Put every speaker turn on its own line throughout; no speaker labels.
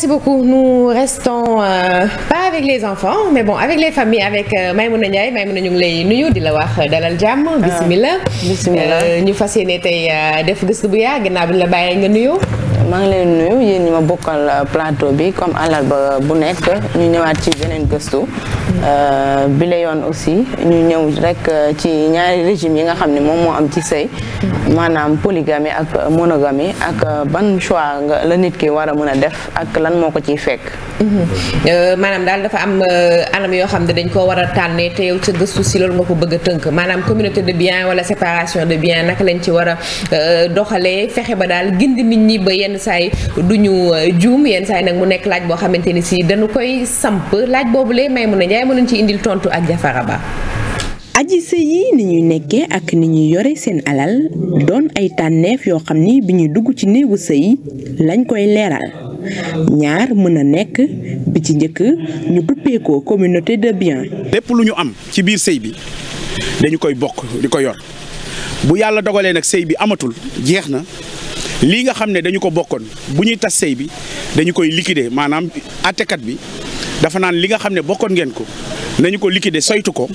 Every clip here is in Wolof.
merci beaucoup nous restons euh, pas avec les enfants mais bon avec les familles avec euh, Maïmouna Ndiaye Maïmouna ñu ngi lay nuyu di la wax dalal jàmm. Ah, bisimilah bisimilah euh, ñu fas yéene tey
euh, def gëstu bu yaa ginnaaw bi ñu la bàyyee nga nuyu. maa ngi leen nuyu yéen ñi ma bokkal euh, plateau bi comme àllarba bu nekk ñu ñëwaat ci beneen gëstu euh, bi la yoon aussi ñu ñëw rek euh, ci ñaari régime yi nga xam ne moom moo am ci sëy maanaam polygamie ak monogamie ak ban choix nga la nit ki war a mën a def ak lan moo ko ciy fekk
maanaam daal dafa am anam yoo xam ne dañ koo war a tànnee te yow sa gëstu si loolu nga ko bëgg tënk maanaam communauté de biens wala séparation de biens naka lañ ci war a doxalee fexe ba daal gindi nit ñi yenn yenn du ñu euh, juum yenn saay nag mu nekk laaj boo xamante ni si dañu koy samp laaj boobu lee may mun a njaay mënuñ ci indil tontu ak Jafara Ba
aji sëy yi ni ñuy nekkee ak ni ñuy yore seen alal doon ay tànneef yoo xam ni bi ñuy dugg ci néegu sëy lañ koy leeral ñaar mën a nekk bi ci njëkk ñu duppee communauté de bien
lépp lu ñu am ci biir sëy bi dañu koy bokk di ko yor bu yàlla dogalee nag sëy bi amatul jeex na lii nga xam ne dañu ko bokkoon bu ñuy tas sëy bi dañu koy liquider maanaam àttekat bi dafa naan li nga xam ne bokkoon ngeen ko nañu ko liquider saytu ko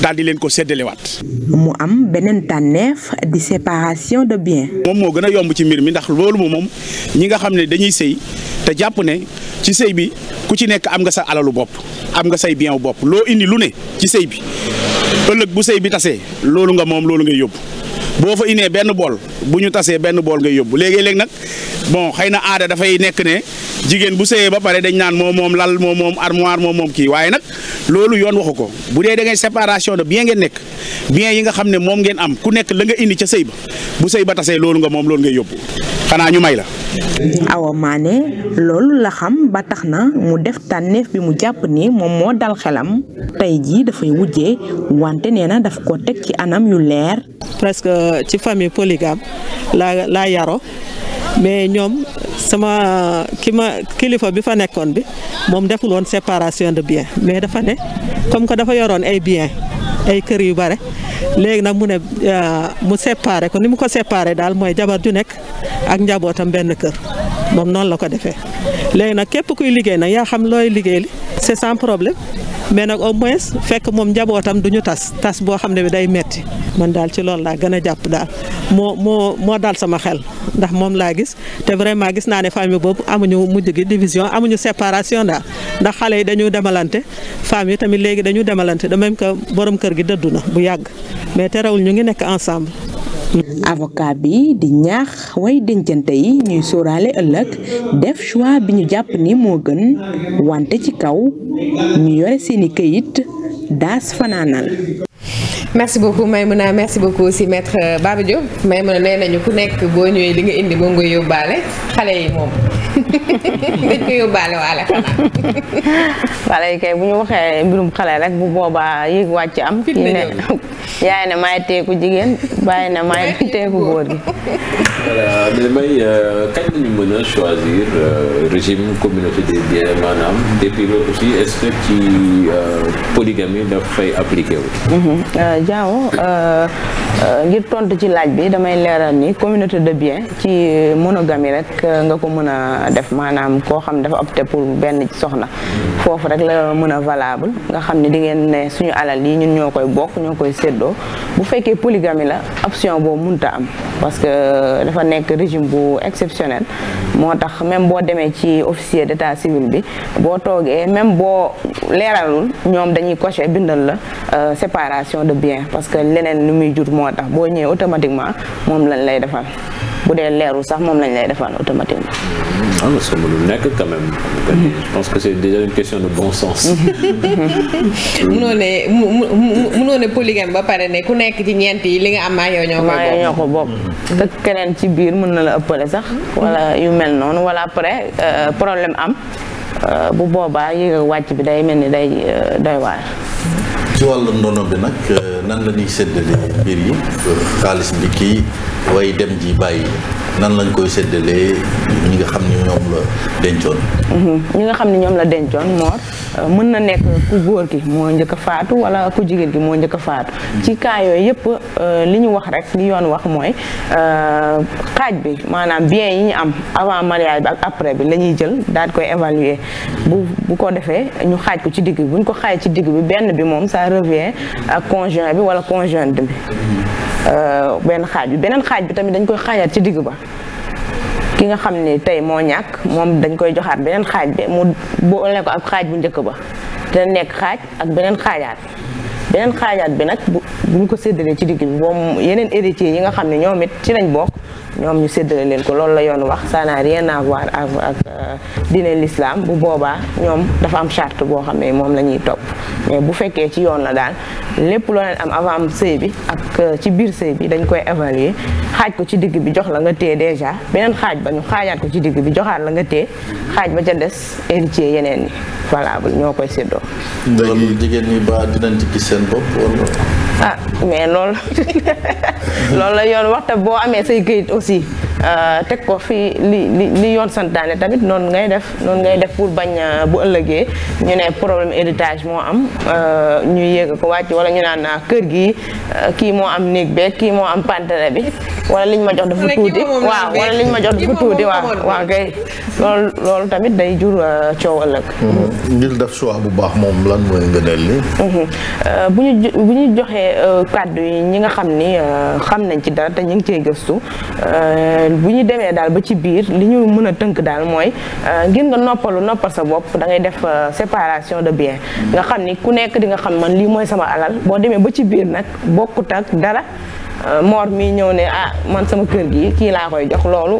daal di leen ko séddalewaat.
mu am beneen tànneef di séparation de
biens. moom moo gën a yomb ci mbir mi ndax loolu moom ñi nga xam ne dañuy sëy te jàpp ne ci sëy bi ku ci nekk am nga sa alalu bopp am nga say bien bopp loo indi lu ne ci sëy bi ëllëg bu sëy bi tasee loolu nga moom loolu ngay yóbbu. boo fa inee benn bool bu ñu tasee benn bool ngay yóbbu léegi-léeg nag bon xëy na aada dafay nekk ne jigéen bu sëyee ba pare dañ naan moo moom lal moo moom armoire moom moom kii waaye nag loolu yoon waxu ko bu dee da ngay séparation de bien ngeen nekk bien yi nga xam ne moom ngeen am ku nekk la nga indi ca sëy ba bu sëy ba tasee loolu nga moom loolu ngay yóbbu xanaa ñu may la.
Awa loolu la xam ba tax na mu def tànneef bi mu jàpp ni moom moo dal xelam tey jii dafay wujje wante nee na daf ko teg ci anam yu leer. presque ci famille polygame la la yaro mais ñoom sama ki ma kilifa bi fa nekkoon bi moom deful séparation de bien mais dafa ne comme que dafa yoroon ay biens ay kër yu bare léegi nag mu ne euh, mu séparé ko ni mu ko séparé daal mooy jabar ju nekk ak njabootam benn kër. moom noonu la ko defee léegi nag képp kuy liggéey nag yaa xam looy liggéey li c'est sans problème mais nag au moins fekk moom njabootam du ñu tas tas boo xam ne bi day metti man daal ci loolu laa gën a jàpp daal moo moo moo daal sama xel ndax moom laa gis te vraiment gis naa ne famille boobu amuñu mujj gi division amuñu séparation daal ndax xale yi dañu demalante famille yi tamit léegi dañu demalante de même que borom kër gi dëddu na bu yàgg mais terewul ñu ngi nekk ensemble avocat bi di ñaax way dencante yi ñuy sóoraale ëllëg def choix bi ñu jàpp ni moo gën wante ci kaw ñu yore seeni këyit daas fanaanal
merci beaucoup Maimouna merci beaucoup aussi maître Baba Diop Maimouna nee nañu
ku nekk boo ñëwee li nga indi boo nga yóbbaale xale yi moom dañ ko bu ñu waxee mbirum xale rek bu boobaa yéeg wàcc am. fii ne yaay ne maay teeku jigéen bàyyi ne maay teeku góor gi.
voilà mais may euh, kañ la ñu choisir euh, régime communauté des biens maanaam depuis loolu aussi est ci euh, polygamie dafay appliqué wu.
Mhm. ngir tontu ci laaj bi damay leeral ni communauté de biens ci monogamie rek nga ko mën a def maanaam koo xam dafa opté pour benn soxna foofu rek la mën a valable nga xam ne di ngeen ne suñu alal yi ñun ñoo koy bokk ñoo koy séddoo bu fekkee polygamie la option boobu munta am parce que euh, dafa nekk régime bu exceptionnel moo tax même boo demee ci officier d'état civil bi boo toogee même boo leeralul ñoom dañuy coché bindal la euh, séparation de bien parce que leneen nu muy jur moo tax boo ñëwee automatiquement moom lañ lay defal bu dee leerul sax moom lañ lay defaan automatiquement.
am na solo lu nekk quand même. je pense que c'est déjà une question de bon sens.
munoo ne mu munoo ne polygame ba pare ne ku nekk ci ñeent yi li nga am maa yow ñoo ko bokk ñoo ko bokk. te keneen ci biir mën na la ëppale sax. wala yu mel noonu wala après euh, problème am euh, bu boobaa yëg wàcc bi day mel ni day euh, doy waar.
ci wàllu ndono bi nag nan la ñuy séddale mbir yi xaalis bi kii way dem ji bàyyi nan lañ koy séddalee ñi nga xam ni ñoom la dencoon mhm.
ñi nga xam ni ñoom la dencoon moor Euh, mën na nekk ku góor gi moo njëkk a faatu wala ku jigéen gi moo njëkk a faatu ci cas yooyu yëpp euh, li ñu wax rek li yoon wax mooy euh, xaaj bi maanaam bien yi ñu am avant mariage bi ak après bi la ñuy jël daal koy évaluer bu bu ko defee ñu xaaj ko ci digg bi bu ko xaaj ci digg bi benn bi moom ça revient ak conjoint bi wala conjointe bi benn xaaj bi beneen xaaj bi tamit dañ koy xaajaat ci digg ba ki nga xam ne tey moo ñàkk moom dañ koy joxaat beneen xaaj bi mu boole ko ak xaaj bu njëkk ba te nekk xaaj ak beneen xaajaat beneen xaajaat bi nag bu ñu ko séddalee ci digg bi moom yeneen héritiers yi nga xam ne ñoom it ci lañ bokk ñoom ñu séddale leen ko loolu la yoon wax ça n'a rien waar voir ak euh, diine lislaam bu boobaa ñoom dafa am chart boo xam ne moom la ñuy topp mais euh, bu fekkee ci yoon la daal lépp loo leen am avant sëy bi ak euh, ci biir sëy bi dañ koy évaluer xaaj ko ci digg bi jox la nga téye déjà beneen xaaj ba ñu xaajaat ko ci digg bi joxaat la nga téye xaaj ba ca des héritier yeneen yi valable ñoo koy séddoo.
loolu jigéen ñi ba dinañ ci gis seen bopp wala.
ah mais loolu loolu la yoon waxta boo amee say këyit aussi. Euh, teg ko fi li li li yoon santaane tamit noonu ngay def noonu ngay def pour bañ euh, bu ëllëgee ñu ne problème héritage moo am euh, ñu yéeg ko wàcc wala ñu naan kër gi kii moo am néeg beeg kii moo am pantale bi wala liñ ma jox dafa tuuti ma jox dafa tuuti waaw waa kay loolu loolu tamit day jur coow ëllëg mhm. ngir def choix bu baax moom lan mooy ngëneel li mhm. bu ñu joxee kàddu yi ñi nga xam ni xam nañ ci dara te ñu ngi cee gëstu bu ñu demee daal ba ci biir li ñu mun a tënk daal mooy euh, ngir nga noppalu noppal sa bopp da ngay def euh, séparation de bien nga xam ni ku nekk di xam man lii mooy sama alal boo demee ba ci biir nag bokkut ak dara Euh, Mor mi ñëw ne ah man sama kër gi kii laa koy jox loolu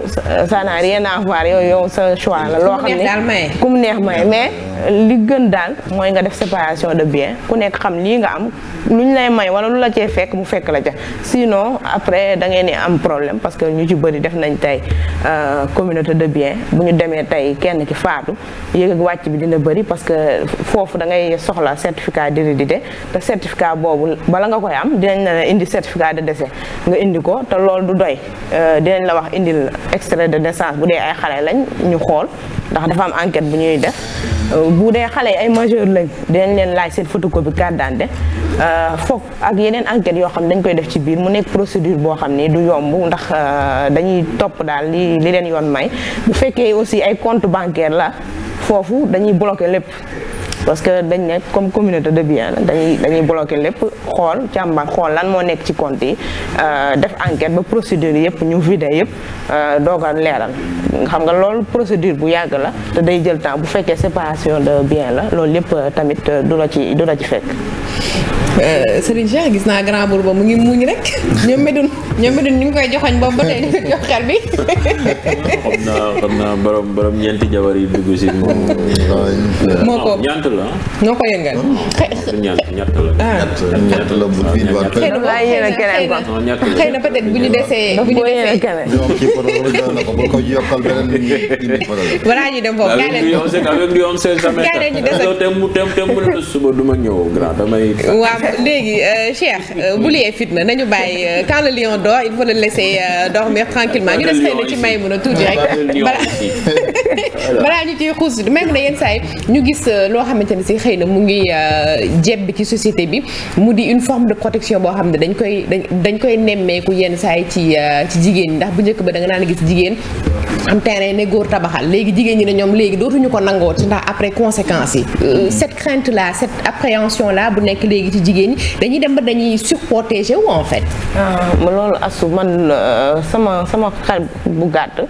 ça n'a rien à yooyu yow sa choix la loo xam ne ku mu neex may mais li gën daal mooy nga def séparation de bien ku nekk xam lii nga am lu ñu lay may wala lu la cee fekk mu fekk la ca sinon après da ngeen ni am problème parce que ñu ci bëri def nañ tey Euh, communauté de bien bu ñu demee tey kenn ki faatu yéeg ak wàcc bi dina bëri parce que foofu da ngay soxla certificat d'hérédité te certificat boobu bala nga koy am dinañ la indi certificat de décès nga indi ko te loolu du doy euh, dinañ la wax indil extrait de naissance bu dee ay xale lañ ñu xool ndax dafa am enquête bu ñuy def euh, bu dee xale yi ay majeur lañ dinañ leen laaj seen photocopie carte d'identité Euh, foog ak yeneen enquête yoo xam ne dañ koy def ci biir mu nekk procédure boo xam ni du yomb ndax euh, dañuy topp daal li li leen yoon may bu fekkee aussi ay compte bancaire la foofu dañuy bloqué lépp parce que dañ ne comme communauté de bien dañuy dañuy bloqué lépp xool càmbar xool lan moo nekk ci compte yi euh, def enquête ba procédure yëpp ñu vidé yëpp euh, doogal leeral xam nga loolu procédure bu yàgg la te day jël temps bu fekkee séparation de bien la loolu yëpp euh, tamit du la ci du la ci fekk
Serigne gis naa grand
bour ba mu ngi muñ rek ñoom medun ñoom it ñu ngi koy joxoñ boobu ba tey di
jox xel bi. xam
naa xam naa borom borom ñeenti jabar yi ah, la. ñoo ko yëngal. ñant la. Ah. ñett la bu biir ba. xëy na ah, xëy na peut-être bu waaw
léegi euh, Cheikh euh, bu liyee fitna nañu bàyyi euh, quand le lion dort il la le laisser euh, dormir tranquillement ñu des xëy na ci may mun a tuuti ah, rek balaa ñu ciy xuus may mun a yenn saa ñu gis euh, loo xamante ne si xëy na mu ngi euh, jeb bi ci société bi mu di une forme de protection boo xam ne dañ koy dañ dañ koy nemmeeku yenn saa yi ci ci jigéen ñi ndax bu njëkk ba da nga naan gis jigéen am terrain ne góor tabaxal léegi jigéen ñi ne ñoom léegi dootuñu ko nangooti
ndax après conséquences yi. Euh, mm. cette
crainte là cette appréhension là bu nekk léegi ci jigéen ñi dañuy dem ba dañuy surprotégé wu en fait.
Euh, loolu asu man euh, sama sama xel bu gàtt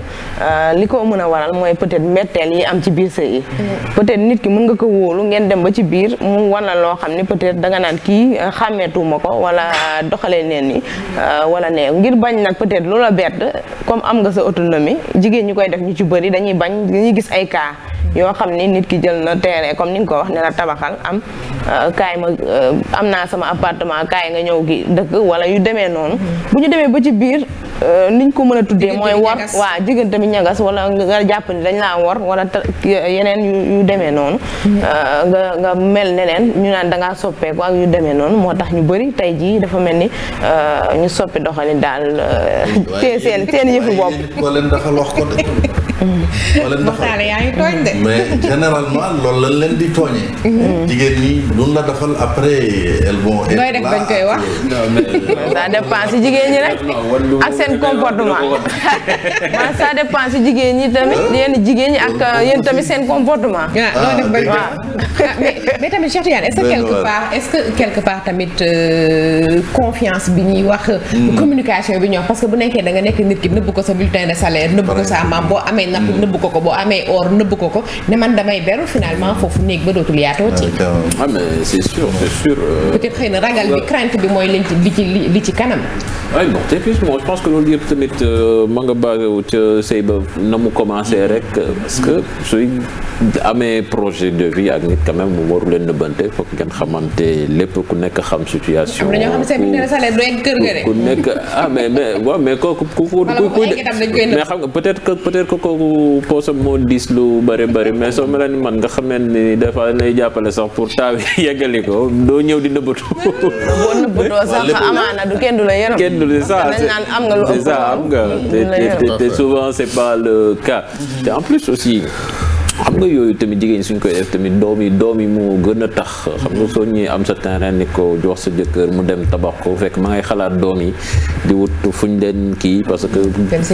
li ko mën a waral mooy peut-être mbetteel yi am ci biir sa yi. Mm. peut-être nit ki mun nga ko wóolu ngeen dem ba ci biir mu wan na loo xam ne peut-être danga naan kii xàmmeetuma ko wala doxalee neen ni wala nee ngir bañ nag peut-être loola bett comme am nga sa ñu koy def ñu ci bëri dañuy bañ dañuy gis ay cas yoo xam ni nit ki jël na teere comme ni nga ko wax ne la tabaxal am kaay ma am naa sama appartement kaay nga ñëw gi dëkk wala yu demee noonu bu ñu demee ba ci biir niñ ko mën a tuddee mooy war waa jigéen tamit ñagas wala nga jàpp ni dañ laa war wala yeneen yu demee noonu nga nga mel neneen ñu naan dangaa soppeeku ak yu demee noonu moo tax ñu bëri tey jii dafa mel ni ñu soppi doxalin daal te seen seen
yëfu bopp wala ndax lox ko de. mais généralement loolu la leen di tooñee. Mhm. jigéen ñi duñ la defal après elles vont. être là
bañ koy wax. ça dépend si jigéen ñi rek ak seen comportement man ça jigéen ñi tamit yéen jigéen ñi ak euh, yéen tamit seen comportement.
ah def bañ ah, ah, mais mais tamit Cheikh est que quelque part est ce que quelque part tamit euh, confiance bi ñuy wax. Hmm. communication bi ñuy parce que bu nekkee da nekk nit ki nëbb ko sa bulletin de salaire nëbb ko sa maam boo amee napp hmm. nëbb ko ko boo amee or nëbb ko ne man damay beru finalement foofu néeg ba dootul yaatoo ci.
ah, ah mais c'est sûr c'est sûr. Euh, peut
xëy na ragal bi crainte bi mooy liñ ci li ci li ci kanam. ay
ah, euh, euh, que suy amee projet de vie ak nit quand même mu waru leen nëbbante foog ngeen xamante lépp ku nekk xam situation. ga de. ku nekk ah mais mais waaw mais ku ku ku mais xam nga peut-être que peut-être que kooku poosam moo diis lu bari. bëri mais soo mel ni man nga xam ni des fois lay jàppale sax pour taaw yi ko doo ñëw di nëbbatu. boo nëbbatoo sax amaana
du kenn du la yërëm. kenn du la sax am nga lu ëpp.
am nga te souvent c'est pas le cas. te en plus aussi. xam nga yooyu tamit jigéen suñ koy def tamit doom yi doom yi moo gën a tax xam nga soo ñëwee am sa terrain ni ko jox sa jëkkër mu dem tabax ko fekk ma ngay xalaat doom yi di wut fu fuñ leen kii parce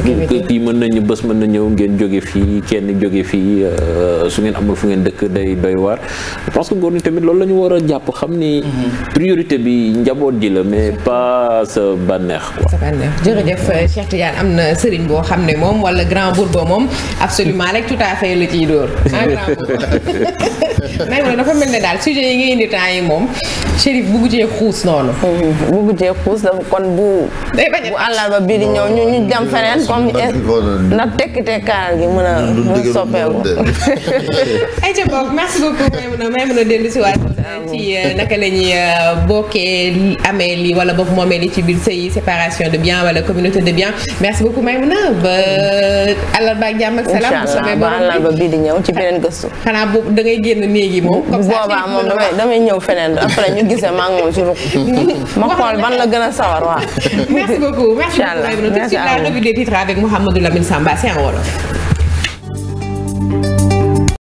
que kii mën nañu bës mën na ñëw ngeen jóge fii kenn jóge fii euh, su ngeen amul fu ngeen dëkk day doy war parce que góor ñi tamit loolu la ñu war a jàpp xam ni mm-hmm. priorité bi njaboot ji la mais pas sa bànneex quoi sa
bànneex jërëjëf Cheikh Tidiane am na sëriñ boo xam ne moom wala grand bourba moom absolument rek tout à en grand boobu dafa mel ne daal sujet yi ngay indi temps yi moom Chérif bugg cee xuus
noonu. bugg cee xuus dafa kon bu. day bañ bu àllarba bii di ñëw ñu ñu dem feneen comme na tekkite kaar gi mën a mën soppeeku.
ayca boobu merci beaucoup Maimouna Maimouna dellu si waat ci euh, naka la euh, bokkee amee lii wala bokk moomee li ci biir sëy séparation de biens wala communauté de biens merci beaucoup Maimouna
ba àllarba ak jàmm ak salaam. ba àllarba di ñëw. ci beneen gëstu. xanaa boobu da ngay génn néegi moom. comme ça boobaa moom damay damay ñëw feneen après ñu gisee maa ngi moom ci ruq. ma xool ban la gën a sawar waaw. merci beaucoup merci beaucoup. incha allah merci beaucoup. la revue des titres avec
Mouhamadou Lamine Samba c'est en wolof.